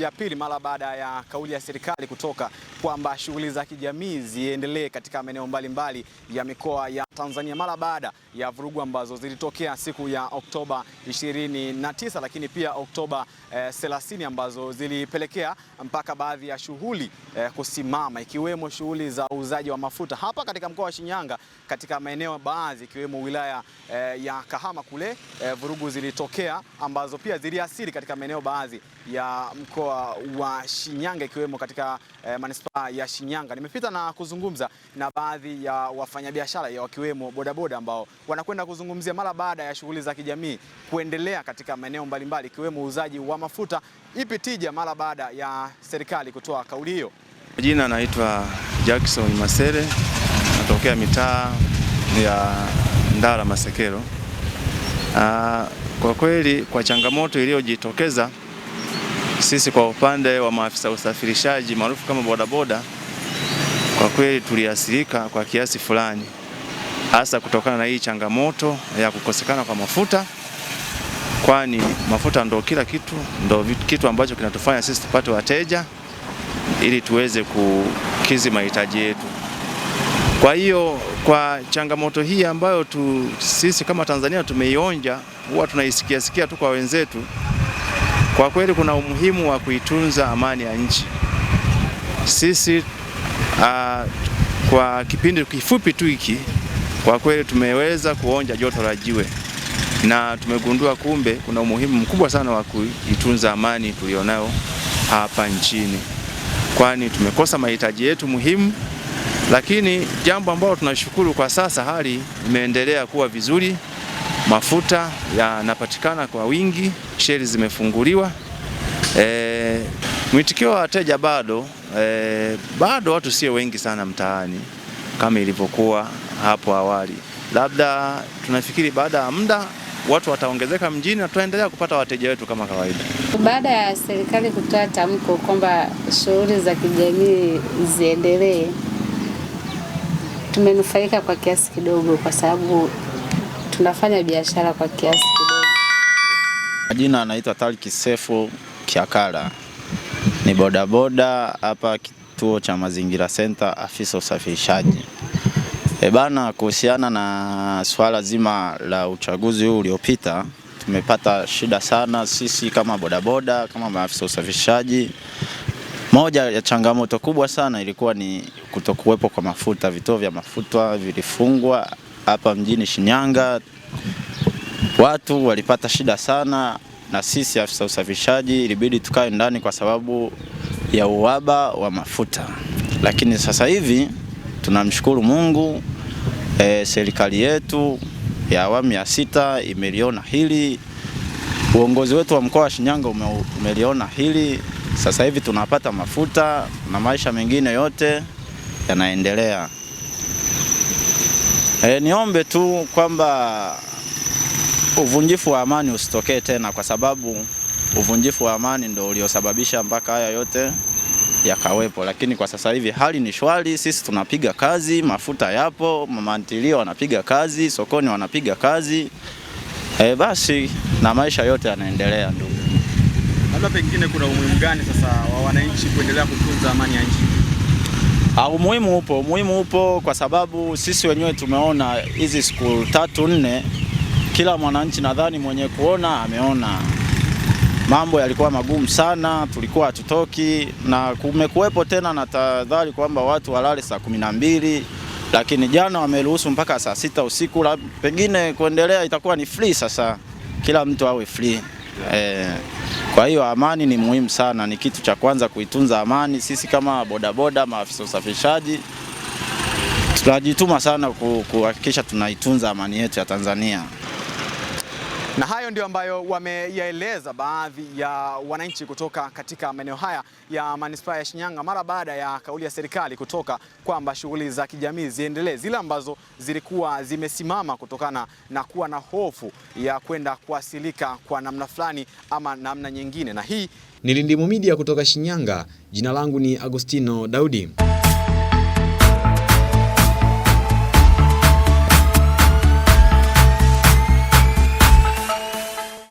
ya pili mara baada ya kauli ya serikali kutoka kwamba shughuli za kijamii ziendelee katika maeneo mbalimbali ya mikoa ya Tanzania mara baada ya vurugu ambazo zilitokea siku ya Oktoba 29 lakini pia Oktoba eh, 30 ambazo zilipelekea mpaka baadhi ya shughuli eh, kusimama ikiwemo shughuli za uuzaji wa mafuta hapa katika mkoa wa Shinyanga katika maeneo baadhi ikiwemo wilaya eh, ya Kahama kule eh, vurugu zilitokea ambazo pia ziliasiri katika maeneo baadhi ya mkoa wa Shinyanga ikiwemo katika eh, manispaa Uh, ya Shinyanga. Nimepita na kuzungumza na baadhi ya wafanyabiashara wakiwemo bodaboda ambao wanakwenda kuzungumzia mara baada ya shughuli za kijamii kuendelea katika maeneo mbalimbali ikiwemo uuzaji wa mafuta, ipi tija mara baada ya serikali kutoa kauli hiyo. Jina naitwa Jackson Masere, natokea mitaa ya Ndara Masekero. Aa, uh, kwa kweli kwa changamoto iliyojitokeza sisi kwa upande wa maafisa usafirishaji maarufu kama bodaboda, kwa kweli tuliathirika kwa kiasi fulani, hasa kutokana na hii changamoto ya kukosekana kwa mafuta, kwani mafuta ndo kila kitu, ndo kitu ambacho kinatufanya sisi tupate wateja ili tuweze kukidhi mahitaji yetu. Kwa hiyo kwa changamoto hii ambayo tu, sisi kama Tanzania tumeionja, huwa tunaisikiasikia tu kwa wenzetu kwa kweli kuna umuhimu wa kuitunza amani ya nchi. Sisi uh, kwa kipindi kifupi tu hiki kwa kweli tumeweza kuonja joto la jiwe na tumegundua kumbe kuna umuhimu mkubwa sana wa kuitunza amani tulionayo hapa nchini, kwani tumekosa mahitaji yetu muhimu. Lakini jambo ambalo tunashukuru kwa sasa hali imeendelea kuwa vizuri mafuta yanapatikana kwa wingi, sheli zimefunguliwa. E, mwitikio wa wateja bado e, bado watu sio wengi sana mtaani kama ilivyokuwa hapo awali. Labda tunafikiri baada ya muda watu wataongezeka mjini na tunaendelea kupata wateja wetu kama kawaida. Baada ya serikali kutoa tamko kwamba shughuli za kijamii ziendelee, tumenufaika kwa kiasi kidogo, kwa sababu tunafanya biashara kwa kiasi kidogo. Majina anaitwa Talki Sefu Kiakala, ni bodaboda hapa kituo cha mazingira senta, afisa usafirishaji. E bana, kuhusiana na swala zima la uchaguzi huu uliopita, tumepata shida sana sisi kama bodaboda, kama maafisa usafirishaji. Moja ya changamoto kubwa sana ilikuwa ni kutokuwepo kwa mafuta. Vituo vya mafuta vilifungwa hapa mjini Shinyanga. Watu walipata shida sana, na sisi afisa usafishaji ilibidi tukae ndani kwa sababu ya uhaba wa mafuta, lakini sasa hivi tunamshukuru Mungu e, serikali yetu ya awamu ya sita imeliona hili, uongozi wetu wa mkoa wa Shinyanga ume, umeliona hili. Sasa hivi tunapata mafuta na maisha mengine yote yanaendelea. E, niombe tu kwamba uvunjifu wa amani usitokee tena, kwa sababu uvunjifu wa amani ndio uliosababisha mpaka haya yote yakawepo. Lakini kwa sasa hivi hali ni shwari, sisi tunapiga kazi, mafuta yapo, mama wanapiga kazi, sokoni wanapiga kazi, e, basi na maisha yote yanaendelea. Ndugu, labda pengine kuna umuhimu gani sasa wa wananchi kuendelea kutunza amani ya nchi? Ah, umuhimu upo, umuhimu upo kwa sababu sisi wenyewe tumeona hizi siku tatu nne, kila mwananchi nadhani mwenye kuona ameona mambo yalikuwa magumu sana, tulikuwa hatutoki, na kumekuwepo tena na tahadhari kwamba watu walale saa kumi na mbili lakini jana wameruhusu mpaka saa sita usiku, pengine kuendelea itakuwa ni free. Sasa kila mtu awe free. E, kwa hiyo amani ni muhimu sana, ni kitu cha kwanza kuitunza amani. Sisi kama bodaboda, maafisa usafirishaji tunajituma sana kuhakikisha tunaitunza amani yetu ya Tanzania. Na hayo ndio ambayo wameyaeleza baadhi ya wananchi kutoka katika maeneo haya ya manispaa ya Shinyanga mara baada ya kauli ya serikali kutoka kwamba shughuli za kijamii ziendelee, zile ambazo zilikuwa zimesimama kutokana na kuwa na hofu ya kwenda kuasilika kwa namna fulani ama namna nyingine. Na hii ni lindimu Media kutoka Shinyanga. Jina langu ni Agostino Daudi.